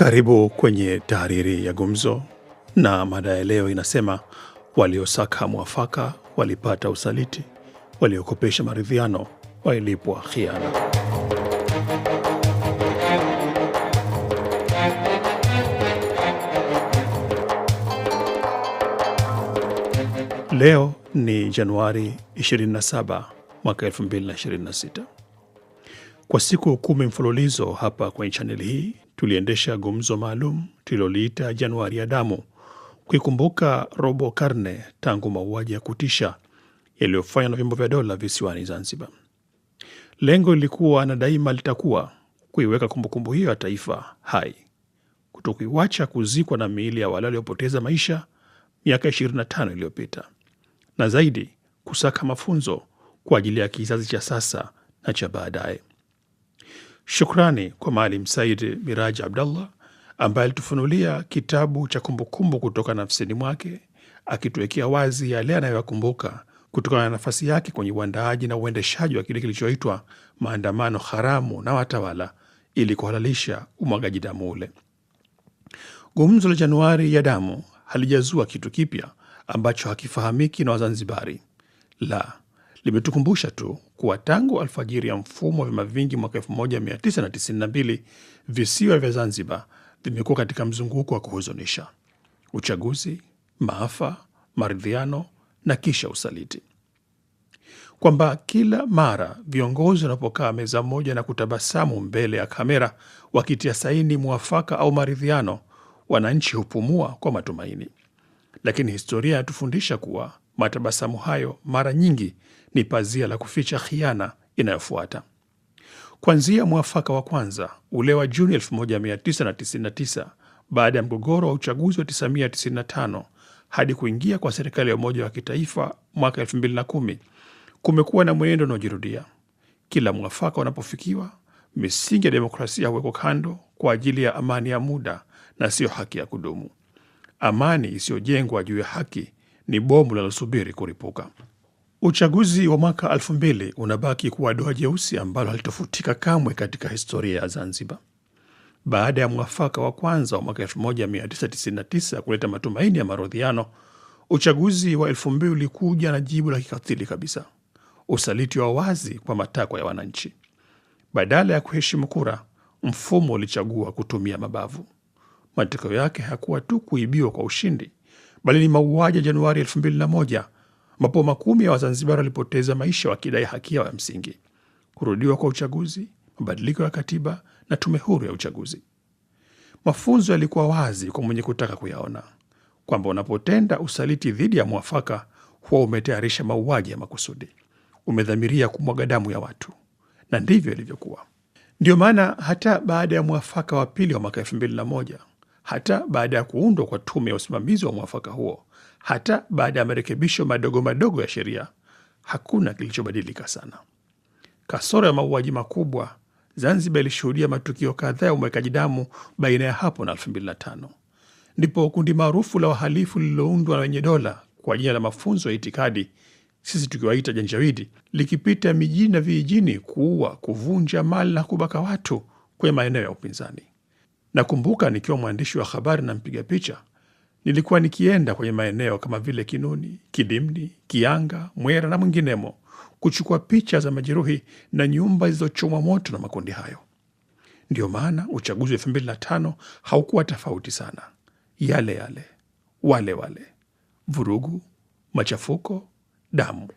Karibu kwenye tahariri ya Gumzo, na mada ya leo inasema waliosaka mwafaka walipata usaliti, waliokopesha maridhiano walilipwa khiana. Leo ni Januari 27 mwaka 2026. Kwa siku kumi mfululizo hapa kwenye chaneli hii tuliendesha gumzo maalum tuliloliita Januari ya Damu, kuikumbuka robo karne tangu mauaji ya kutisha yaliyofanywa na vyombo vya dola visiwani Zanzibar. Lengo lilikuwa na daima litakuwa kuiweka kumbukumbu hiyo ya taifa hai, kutokuiwacha kuzikwa na miili ya wale waliopoteza maisha miaka 25 iliyopita, na zaidi kusaka mafunzo kwa ajili ya kizazi cha sasa na cha baadaye. Shukrani kwa Maalim Said Miraji Abdallah ambaye alitufunulia kitabu cha kumbukumbu kutoka nafsini mwake, akituwekea wazi yale anayoyakumbuka kutokana na nafasi yake kwenye uandaaji na uendeshaji wa kile kilichoitwa maandamano haramu na watawala ili kuhalalisha umwagaji damu ule. Gumzo la Januari ya damu halijazua kitu kipya ambacho hakifahamiki na Wazanzibari. La, limetukumbusha tu kuwa tangu alfajiri ya mfumo wa vyama vingi mwaka 1992 visiwa vya Zanzibar vimekuwa katika mzunguko wa kuhuzunisha: uchaguzi, maafa, maridhiano na kisha usaliti, kwamba kila mara viongozi wanapokaa meza moja na kutabasamu mbele ya kamera wakitia saini mwafaka au maridhiano, wananchi hupumua kwa matumaini. Lakini historia yatufundisha kuwa matabasamu hayo mara nyingi ni pazia la kuficha khiana inayofuata. Kuanzia mwafaka wa kwanza ule wa Juni 1999 baada ya mgogoro wa uchaguzi wa 1995 hadi kuingia kwa serikali ya umoja wa kitaifa mwaka 2010 kumekuwa na mwenendo unaojirudia. Kila mwafaka unapofikiwa, misingi ya demokrasia huwekwa kando kwa ajili ya amani ya muda na siyo haki ya kudumu. Amani isiyojengwa juu ya haki ni bomu linalosubiri kuripuka. Uchaguzi wa mwaka elfu mbili unabaki kuwa doa jeusi ambalo halitofutika kamwe katika historia ya Zanzibar. Baada ya mwafaka wa kwanza wa mwaka 1999 kuleta matumaini ya maridhiano, uchaguzi wa elfu mbili ulikuja na jibu la kikatili kabisa: usaliti wa wazi kwa matakwa ya wananchi. Badala ya kuheshimu kura, mfumo ulichagua kutumia mabavu. Matokeo yake hakuwa tu kuibiwa kwa ushindi, bali ni mauaji ya Januari 2001 ambapo makumi ya Wazanzibari walipoteza maisha wakidai haki yao ya msingi: kurudiwa kwa uchaguzi, mabadiliko ya katiba na tume huru ya uchaguzi. Mafunzo yalikuwa wazi kwa mwenye kutaka kuyaona kwamba unapotenda usaliti dhidi ya mwafaka, huwa umetayarisha mauaji ya makusudi, umedhamiria kumwaga damu ya watu, na ndivyo ilivyokuwa. Ndiyo maana hata baada ya mwafaka wa pili wa mwaka elfu mbili na moja hata baada ya kuundwa kwa tume ya usimamizi wa mwafaka huo, hata baada ya marekebisho madogo madogo ya sheria, hakuna kilichobadilika sana. Kasoro ya mauaji makubwa, Zanzibar ilishuhudia matukio kadhaa ya umwekaji damu baina ya hapo na 2005 ndipo kundi maarufu la wahalifu lililoundwa na wenye dola kwa jina la mafunzo ya itikadi, sisi tukiwaita janjawidi, likipita mijini na vijijini kuua, kuvunja mali na kubaka watu kwenye maeneo ya upinzani. Nakumbuka nikiwa mwandishi wa habari na mpiga picha, nilikuwa nikienda kwenye maeneo kama vile Kinuni, Kidimni, Kianga, Mwera na mwinginemo kuchukua picha za majeruhi na nyumba zilizochomwa moto na makundi hayo. Ndiyo maana uchaguzi wa elfu mbili na tano haukuwa tofauti sana, yale yale, wale wale, vurugu, machafuko, damu.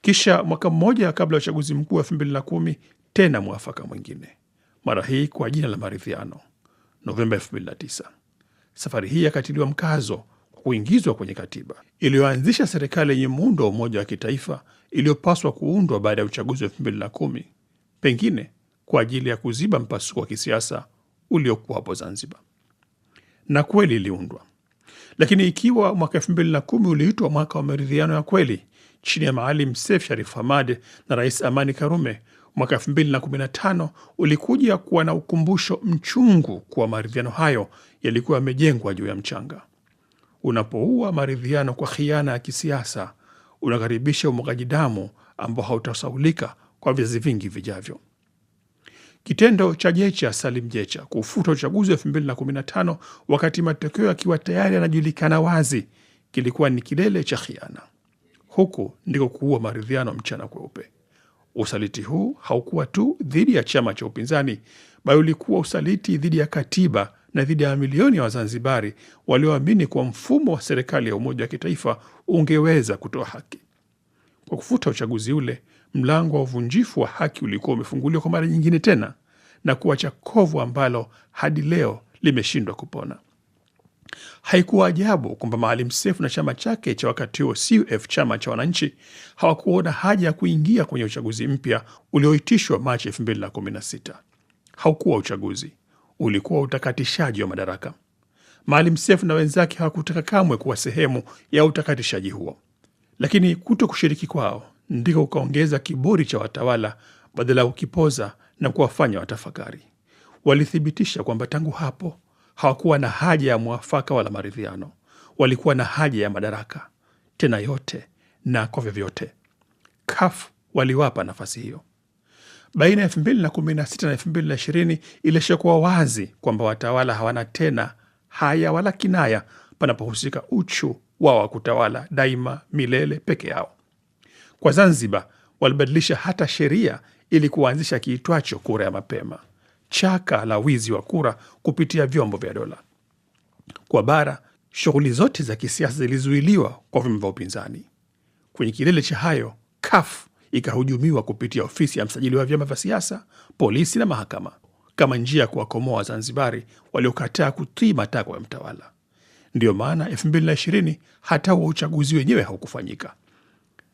Kisha mwaka mmoja kabla ya uchaguzi mkuu wa elfu mbili na kumi tena mwafaka mwingine mara hii kwa jina la maridhiano, Novemba 2009. Safari hii yakatiliwa mkazo kwa kuingizwa kwenye katiba iliyoanzisha serikali yenye muundo wa umoja wa kitaifa iliyopaswa kuundwa baada ya uchaguzi wa 2010, pengine kwa ajili ya kuziba mpasuko wa kisiasa uliokuwapo Zanzibar. Na kweli iliundwa, lakini ikiwa mwaka 2010 uliitwa mwaka wa maridhiano ya kweli chini ya Maalim Seif Sharif Hamad na Rais Amani Karume mwaka 2015 ulikuja kuwa na ukumbusho mchungu kuwa maridhiano hayo yalikuwa yamejengwa juu ya mchanga. Unapoua maridhiano kwa khiana ya kisiasa, unakaribisha umwagaji damu ambao hautasaulika kwa vizazi vingi vijavyo. Kitendo cha Jecha Salim Jecha kufuta uchaguzi wa 2015 wakati matokeo yakiwa tayari yanajulikana wazi kilikuwa ni kilele cha khiana. Huku ndiko kuua maridhiano mchana kweupe. Usaliti huu haukuwa tu dhidi ya chama cha upinzani, bali ulikuwa usaliti dhidi ya katiba na dhidi ya mamilioni ya Wazanzibari walioamini kuwa mfumo wa serikali ya umoja wa kitaifa ungeweza kutoa haki. Kwa kufuta uchaguzi ule, mlango wa uvunjifu wa haki ulikuwa umefunguliwa kwa mara nyingine tena, na kuacha kovu ambalo hadi leo limeshindwa kupona. Haikuwa ajabu kwamba Maalim Seif na chama chake cha wakati huo CUF, chama cha wananchi, hawakuona haja ya kuingia kwenye uchaguzi mpya ulioitishwa Machi 2016. Haukuwa uchaguzi, ulikuwa utakatishaji wa madaraka. Maalim Seif na wenzake hawakutaka kamwe kuwa sehemu ya utakatishaji huo, lakini kuto kushiriki kwao ndiko kukaongeza kiburi cha watawala badala ya kukipoza na kuwafanya watafakari. Walithibitisha kwamba tangu hapo hawakuwa na haja ya mwafaka wala maridhiano, walikuwa na haja ya madaraka, tena yote na kwa vyovyote. CUF waliwapa nafasi hiyo. Baina ya elfu mbili na kumi ilishakuwa wazi kwamba watawala hawana tena haya wala kinaya panapohusika uchu wao wa kutawala daima milele peke yao. Kwa Zanzibar walibadilisha hata sheria ili kuanzisha kiitwacho kura ya mapema chaka la wizi wa kura kupitia vyombo vya dola. Kwa bara, shughuli zote za kisiasa zilizuiliwa kwa vyama vya upinzani. Kwenye kilele cha hayo, CUF ikahujumiwa kupitia ofisi ya msajili wa vyama vya siasa, polisi na mahakama kama njia ya kuwakomoa Wazanzibari waliokataa kutii matakwa ya mtawala. Ndiyo maana 2020 hata huwa uchaguzi wenyewe haukufanyika,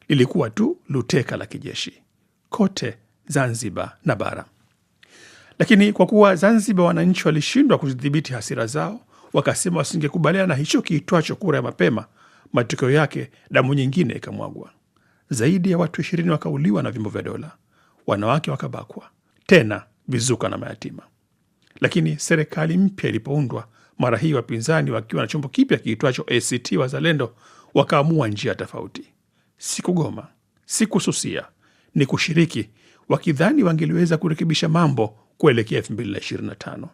lilikuwa tu luteka la kijeshi kote Zanzibar na bara. Lakini kwa kuwa Zanzibar wananchi walishindwa kuzidhibiti hasira zao, wakasema wasingekubaliana na hicho kiitwacho kura ya mapema, matokeo yake damu nyingine ikamwagwa. Zaidi ya watu ishirini wakauliwa na vyombo vya dola, wanawake wakabakwa, tena vizuka na mayatima. Lakini serikali mpya ilipoundwa, mara hii wapinzani wakiwa na chombo kipya kiitwacho ACT Wazalendo wakaamua njia tofauti. Si kugoma, si kususia, ni kushiriki, wakidhani wangeliweza kurekebisha mambo kuelekea elfu mbili na na tano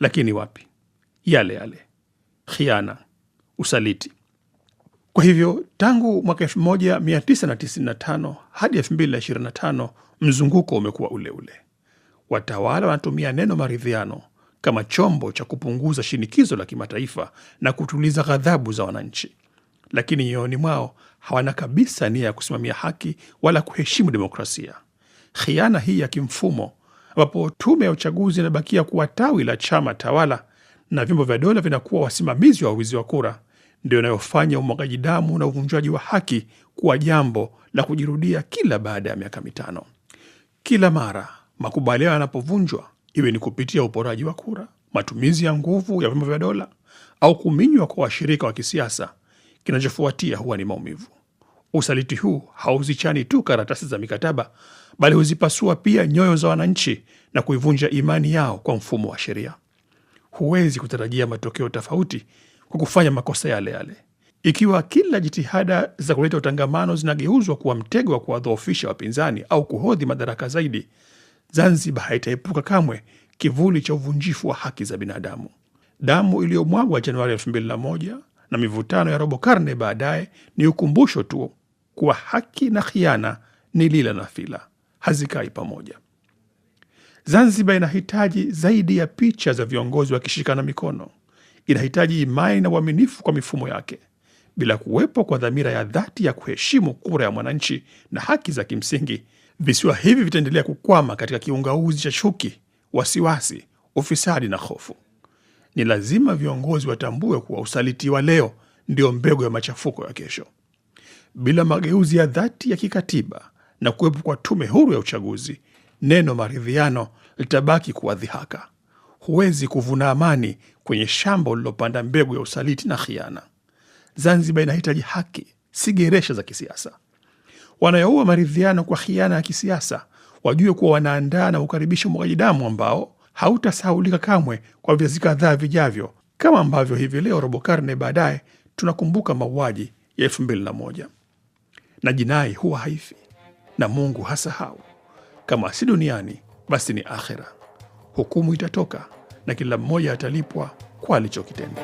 lakini wapi, yale yale khiana, usaliti. Kwa hivyo tangu mwaka 1995 hadi 2025 mzunguko umekuwa ule ule. Watawala wanatumia neno maridhiano kama chombo cha kupunguza shinikizo la kimataifa na kutuliza ghadhabu za wananchi, lakini nyoyoni mwao hawana kabisa nia ya kusimamia haki wala kuheshimu demokrasia. Khiana hii ya kimfumo ambapo tume ya uchaguzi inabakia kuwa tawi la chama tawala na vyombo vya dola vinakuwa wasimamizi wa wizi wa kura, ndio inayofanya umwagaji damu na uvunjwaji wa haki kuwa jambo la kujirudia kila baada ya miaka mitano. Kila mara makubaliano yanapovunjwa, iwe ni kupitia uporaji wa kura, matumizi ya nguvu ya vyombo vya dola au kuminywa kwa washirika wa kisiasa, kinachofuatia huwa ni maumivu. Usaliti huu hauzichani tu karatasi za mikataba, bali huzipasua pia nyoyo za wananchi na kuivunja imani yao kwa mfumo wa sheria. Huwezi kutarajia matokeo tofauti kwa kufanya makosa yale yale. Ikiwa kila jitihada za kuleta utangamano zinageuzwa kuwa mtego wa kuwadhoofisha wapinzani au kuhodhi madaraka zaidi, Zanzibar haitaepuka kamwe kivuli cha uvunjifu wa haki za binadamu. Damu iliyomwagwa Januari 2001 na mivutano ya robo karne baadaye ni ukumbusho tu kuwa haki na khiana ni lila na fila, hazikai pamoja. Zanzibar inahitaji zaidi ya picha za viongozi wakishikana mikono. Inahitaji imani na uaminifu kwa mifumo yake. Bila kuwepo kwa dhamira ya dhati ya kuheshimu kura ya mwananchi na haki za kimsingi, visiwa hivi vitaendelea kukwama katika kiungauzi cha chuki, wasiwasi, ufisadi na hofu. Ni lazima viongozi watambue kuwa usaliti wa leo ndio mbegu ya machafuko ya kesho bila mageuzi ya dhati ya kikatiba na kuwepo kwa tume huru ya uchaguzi, neno maridhiano litabaki kuwa dhihaka. Huwezi kuvuna amani kwenye shamba ulilopanda mbegu ya usaliti na khiana. Zanzibar inahitaji haki, si geresha za kisiasa. Wanayoua maridhiano kwa khiana ya kisiasa wajue kuwa wanaandaa na kukaribisha umwagaji damu ambao hautasahaulika kamwe kwa vizazi kadhaa vijavyo, kama ambavyo hivi leo robo karne baadaye tunakumbuka mauaji ya elfu mbili na moja na jinai huwa haifi na Mungu hasahau. Kama si duniani, basi ni akhera. Hukumu itatoka na kila mmoja atalipwa kwa alichokitenda.